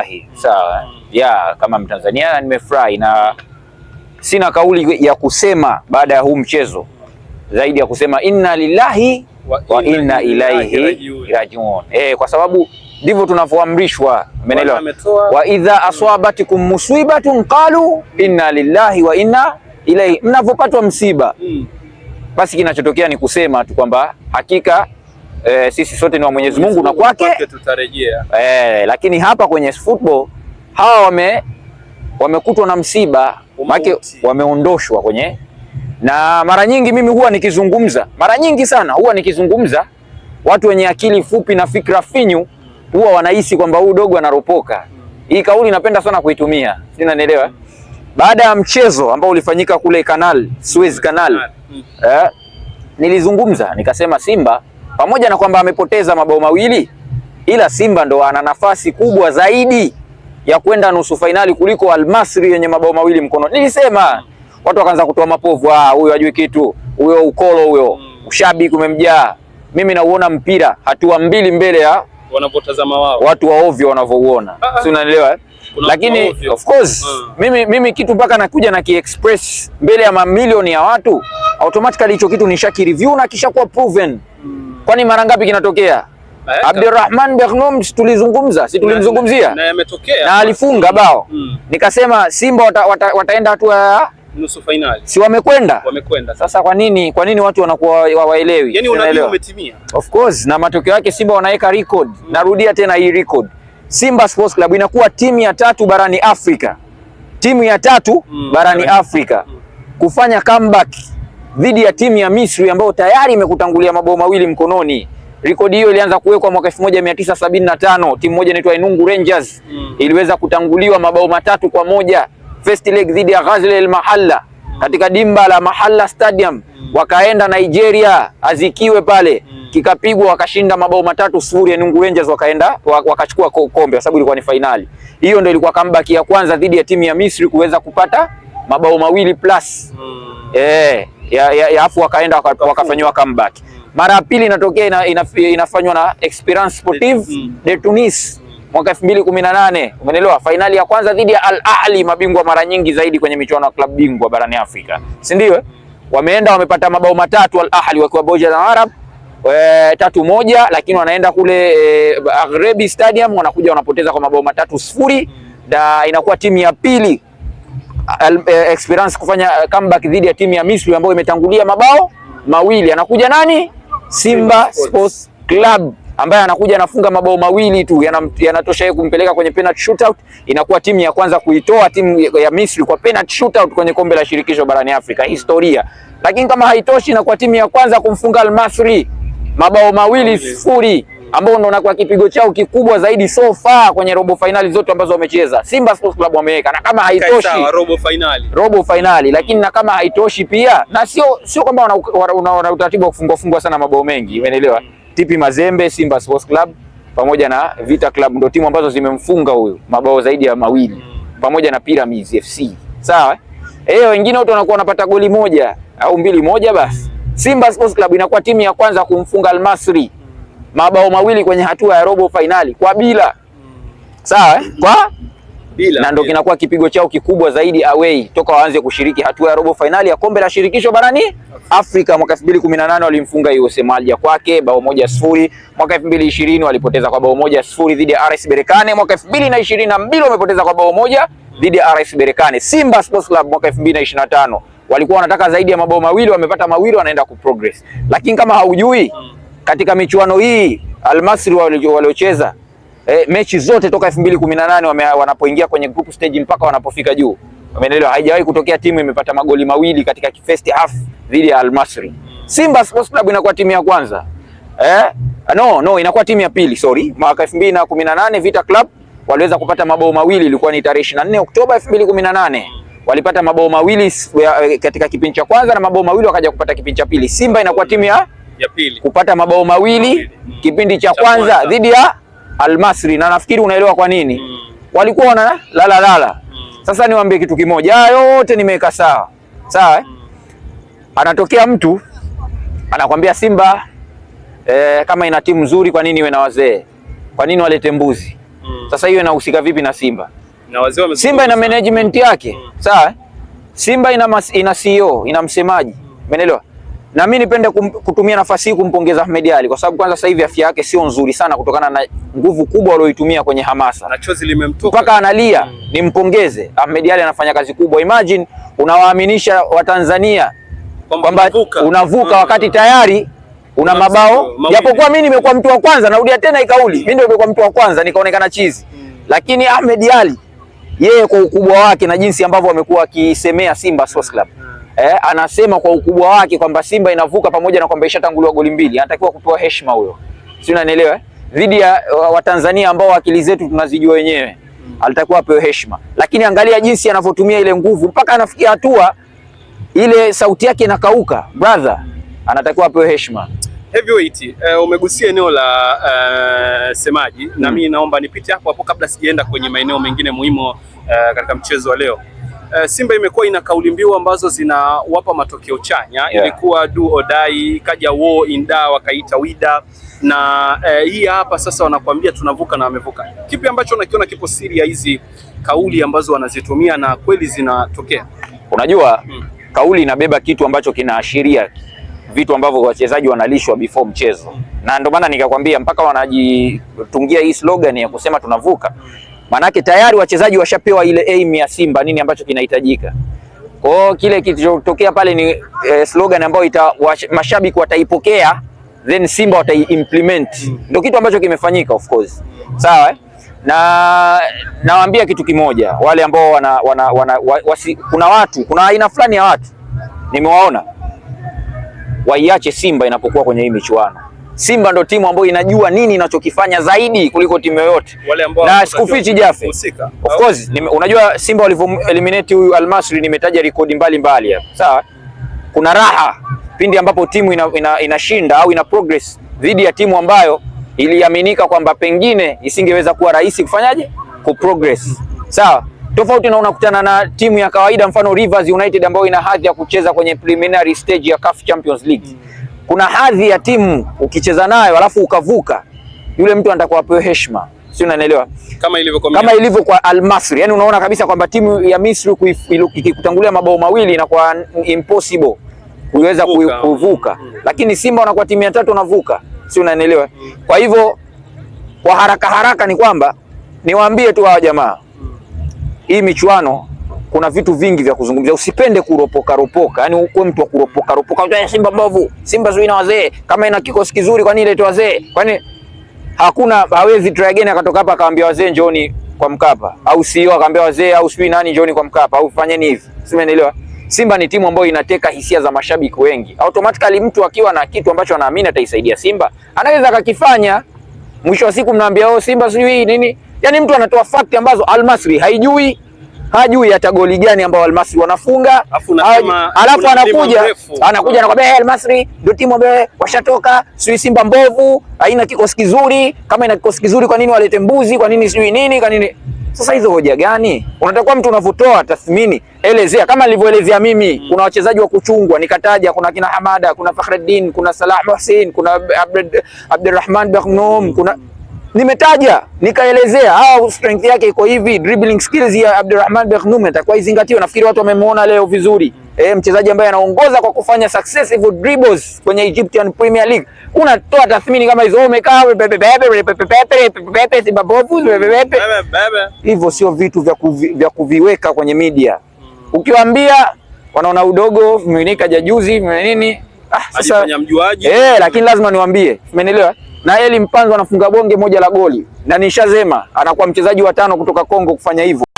nimefurahi mm. sawa, mm. yeah, kama Mtanzania nimefurahi na sina kauli ya kusema baada ya huu mchezo zaidi ya kusema inna lillahi wa, wa inna ilaihi rajiun. Eh, kwa sababu ndivyo tunavyoamrishwa, umeelewa? wa idha aswabatikum musibatun qalu inna lillahi wa inna ilaihi, mnavyopatwa msiba mm. basi kinachotokea ni kusema tu kwamba hakika e, sisi sote ni wa Mwenyezi Mungu na kwake tutarejea. E, lakini hapa kwenye football hawa wame wamekutwa na msiba make wameondoshwa kwenye, na mara nyingi mimi huwa nikizungumza, mara nyingi sana huwa nikizungumza, watu wenye akili fupi na fikra finyu huwa wanahisi kwamba huu dogo anaropoka. Hii kauli napenda sana kuitumia, sinanielewa. Baada ya mchezo ambao ulifanyika kule Canal Suez Canal, eh, nilizungumza nikasema Simba pamoja na kwamba amepoteza mabao mawili, ila Simba ndo ana nafasi kubwa zaidi ya kwenda nusu fainali kuliko Almasri yenye mabao mawili mkono. Nilisema watu wakaanza kutoa mapovu, ah, huyo hajui kitu, huyo ukolo huyo, ushabiki umemjaa. Mimi nauona mpira hatua mbili mbele ya wanapotazama wao, watu wa ovyo wanavyouona, ah, ah. si unanielewa? Eh? Lakini of course hmm. Mimi, mimi kitu mpaka nakuja na express mbele ya mamilioni ya watu automatically, hicho kitu nishaki review na kishakuwa proven hmm. Kwani mara ngapi kinatokea? Eh, Abdurrahman Beknum tulizungumza, si tulimzungumzia na, yametokea na alifunga bao mm. Nikasema Simba wata, wata, wataenda hatua ya nusu finali, si wamekwenda? Wamekwenda. Sasa kwa nini kwa nini watu wanakuwa hawaelewi? Yani unaelewa umetimia, of course, na matokeo yake Simba wanaweka record mm. Narudia tena hii record, Simba Sports Club inakuwa timu ya tatu barani Afrika, timu ya tatu mm. barani mm. Afrika mm. kufanya comeback dhidi ya timu ya Misri ambayo tayari imekutangulia mabao mawili mkononi. Rekodi hiyo ilianza kuwekwa mwaka 1975 timu moja inaitwa Inungu Rangers mm. iliweza kutanguliwa mabao matatu kwa moja first leg dhidi ya Ghazal El Mahalla mm. katika dimba la Mahalla Stadium mm. wakaenda Nigeria azikiwe pale mm. kikapigwa, wakashinda mabao matatu sifuri. Inungu Rangers wakaenda wakachukua kombe kwa sababu ilikuwa ni fainali. Hiyo ndio ilikuwa comeback ya kwanza dhidi ya timu ya Misri kuweza kupata mabao mawili plus mm. eh afu wakaenda wakafanyiwa comeback. Mara ya pili inatokea ina, ina, inafanywa na Experience Sportive mm. de Tunis mwaka 2018 umeelewa, fainali ya kwanza dhidi ya Al Ahli, mabingwa mara nyingi zaidi kwenye michuano ya klabu bingwa barani Afrika, si ndio? Eh? Wameenda wamepata mabao matatu Al Ahli wakiwa Boja na Arab e, tatu moja, lakini wanaenda kule e, eh, Aghrebi Stadium wanakuja wanapoteza kwa mabao matatu sifuri, mm. na inakuwa timu ya pili experience eh, kufanya comeback dhidi ya timu ya Misri ambayo imetangulia mabao mawili. Anakuja nani? Simba Sports Club ambaye anakuja anafunga mabao mawili tu yanatosha yeye kumpeleka kwenye penalty shootout. Inakuwa timu ya kwanza kuitoa timu ya Misri kwa penalty shootout kwenye kombe la shirikisho barani Afrika, historia. Lakini kama haitoshi, inakuwa timu ya kwanza kumfunga Al masri mabao mawili sifuri ambao ndo unakuwa kipigo chao kikubwa zaidi so far kwenye robo finali zote ambazo wamecheza. Simba Sports Club wameweka, na kama haitoshi robo finali robo finali mm. Lakini na kama haitoshi pia, na sio sio kwamba wana utaratibu wa kufungwa fungwa sana mabao mengi, umeelewa mm. Tipi Mazembe, Simba Sports Club pamoja na Vita Club ndo timu ambazo zimemfunga huyu mabao zaidi ya mawili mm. pamoja na Pyramids FC sawa. Eh, wengine watu wanakuwa wanapata goli moja au mbili moja, basi mm. Simba Sports Club inakuwa timu ya kwanza kumfunga Almasri Masry mabao mawili kwenye hatua ya robo fainali kwa bila sawa eh? kwa bila, na ndio kinakuwa kipigo chao kikubwa zaidi away toka waanze kushiriki hatua ya robo fainali ya kombe la shirikisho barani Afrika. Mwaka 2018 walimfunga USM Alger kwake bao moja sifuri. Mwaka 2020 walipoteza kwa bao moja sifuri dhidi ya RS Berkane. Mwaka 2022 wamepoteza kwa bao moja dhidi ya RS Berkane. Simba Sports Club mwaka 2025 walikuwa wanataka zaidi ya mabao mawili, wamepata mawili, wanaenda kuprogress, lakini kama haujui katika michuano hii Almasri waliocheza e, mechi zote toka 2018 wanapoingia kwenye group stage mpaka wanapofika juu, umeelewa? Haijawahi kutokea timu imepata magoli mawili katika first half dhidi ya Almasri. Simba Sports Club inakuwa timu ya kwanza eh? No, no, inakuwa timu ya pili sorry. Mwaka 2018 Vita Club waliweza kupata mabao mawili, ilikuwa ni tarehe 24 Oktoba 2018 walipata mabao mawili katika kipindi cha kwanza na mabao mawili wakaja kupata kipindi cha pili. Simba inakuwa timu ya kupata mabao mawili mm. mm. kipindi cha kwanza dhidi ya Almasri na nafikiri unaelewa kwa nini mm. walikuwa wana lala lala mm. Sasa niwaambie kitu kimoja, haya yote nimeweka sawa sawa eh? mm. anatokea mtu anakwambia Simba eh, kama ina timu nzuri, kwa nini iwe na wazee? Kwa nini walete mbuzi? mm. Sasa hiyo inahusika vipi na Simba? na Simba ina management yake mm. sawa eh? Simba ina mas, ina CEO ina msemaji, mm. umeelewa? Na mimi nipende kutumia nafasi hii kumpongeza Ahmed Ally kwa sababu kwanza sasa hivi afya yake sio nzuri sana kutokana na nguvu kubwa aliyoitumia kwenye hamasa. Na chozi limemtoka. Mpaka analia, hmm. Nimpongeze. Ahmed Ally anafanya kazi kubwa. Imagine unawaaminisha Watanzania kwamba unavuka hmm. wakati tayari una mabao. Japokuwa mimi nimekuwa mtu wa kwanza, narudia tena ikauli. Mimi ndio nimekuwa mtu wa kwanza nikaonekana chizi. Hmm. Lakini Ahmed Ally yeye kwa ukubwa wake na jinsi ambavyo amekuwa akisemea Simba Sports Club. Hmm eh, anasema kwa ukubwa wake kwamba Simba inavuka pamoja na kwamba ishatanguliwa goli mbili, anatakiwa kupewa heshima huyo, si unanielewa? Eh? Dhidi ya Watanzania ambao akili zetu tunazijua wenyewe, mm. alitakiwa apewe heshima, lakini angalia jinsi anavyotumia ile nguvu mpaka anafikia hatua ile sauti yake inakauka. Brother, anatakiwa apewe heshima. Heavyweight, uh, umegusia eneo la uh, semaji na mm. mimi naomba nipite hapo hapo kabla sijaenda kwenye maeneo mengine muhimu uh, katika mchezo wa leo. Eh, Simba imekuwa ina kauli mbiu ambazo zinawapa matokeo chanya yeah. Ilikuwa do or die, kaja wo inda wakaita wida na eh, hii hapa sasa wanakuambia tunavuka na wamevuka. Kipi ambacho unakiona kipo siri ya hizi kauli ambazo wanazitumia na kweli zinatokea? Unajua hmm. Kauli inabeba kitu ambacho kinaashiria vitu ambavyo wachezaji wanalishwa before mchezo, hmm. na ndio maana nikakwambia mpaka wanajitungia hii slogan ya kusema tunavuka. Hmm. Maanake tayari wachezaji washapewa ile aim ya Simba, nini ambacho kinahitajika. Kwa hiyo kile kilichotokea pale ni eh, slogan ambayo ita mashabiki wataipokea then Simba wataiimplement. Mm. Ndio kitu ambacho kimefanyika of course. Sawa eh? Na nawaambia kitu kimoja wale ambao wana, wana, wana wasi, kuna watu kuna aina fulani ya watu nimewaona waiache Simba inapokuwa kwenye hii michuano. Simba ndo timu ambayo inajua nini inachokifanya zaidi kuliko timu yoyote, na sikufichi Jafe, of course nime, unajua Simba walivyo eliminate huyu Almasri, nimetaja rekodi mbalimbali hapa, sawa. Kuna raha pindi ambapo timu inashinda ina, ina au ina progress dhidi ya timu ambayo iliaminika kwamba pengine isingeweza kuwa rahisi kufanyaje ku progress, sawa tofauti na unakutana na timu ya kawaida, mfano Rivers United ambayo ina hadhi ya kucheza kwenye preliminary stage ya CAF Champions League mm kuna hadhi ya timu ukicheza nayo alafu ukavuka, yule mtu anataka apewe heshima, si unanielewa? Kama ilivyo kwa kama ilivyo kwa Al masri yani unaona kabisa kwamba timu ya Misri ikikutangulia mabao mawili inakuwa impossible kuweza kuvuka, mm. Lakini Simba wanakuwa timu ya tatu wanavuka, si unanielewa? Mm. Kwa hivyo kwa haraka haraka ni kwamba niwaambie tu hawa jamaa, mm. hii michuano kuna vitu vingi vya kuzungumzia. Usipende kuropoka ropoka, yani uko mtu wa kuropoka ropoka, unajua Simba mbovu, Simba sio ina wazee, kama ina kikosi kizuri kwa nini tu wazee? Kwa nini hakuna hawezi try again akatoka hapa akamwambia wazee njoni kwa Mkapa, au sio e akamwambia wazee, au sio nani njoni kwa Mkapa, au fanyeni hivi, simeelewa. Simba ni timu ambayo inateka hisia za mashabiki wengi. Automatically mtu akiwa na kitu ambacho anaamini ataisaidia Simba, anaweza akakifanya. Mwisho wa siku mnaambia oh, Simba sijui nini. Yaani mtu anatoa fact ambazo Almasri haijui hajui hata goli gani ambao Almasri wanafunga, alafu anakuja anakuja anakwambia hey, Almasri ndio timu ambayo washatoka, sijui Simba mbovu, haina kikosi kizuri. Kama ina kikosi kizuri, kwa nini walete mbuzi? Kwa nini sijui nini? Kwa nini? Sasa hizo hoja gani? Unatakuwa mtu unavotoa tathmini, elezea kama nilivyoelezea mimi mm. Kuna wachezaji wa kuchungwa nikataja, kuna kina Hamada, kuna Fakhreddin, kuna Salah Hussein, kuna Abdurrahman Mm. kuna nimetaja nikaelezea, au strength yake iko hivi, dribbling skills ya Abdulrahman Bekhnum atakuwa izingatiwa. Nafikiri watu wamemuona leo vizuri e, mchezaji ambaye anaongoza kwa kufanya successive dribbles kwenye Egyptian Premier League. Unatoa tathmini kama hizo, umekaa hivyo, sio vitu vya, kuvi, vya kuviweka kwenye media. Ukiwaambia wanaona udogo, vimeinika jajuzi nini. Ah, sasa eh, lakini lazima niwaambie, umenielewa? na Eli Mpanzo anafunga bonge moja la goli na nishazema anakuwa mchezaji wa tano kutoka Kongo kufanya hivyo.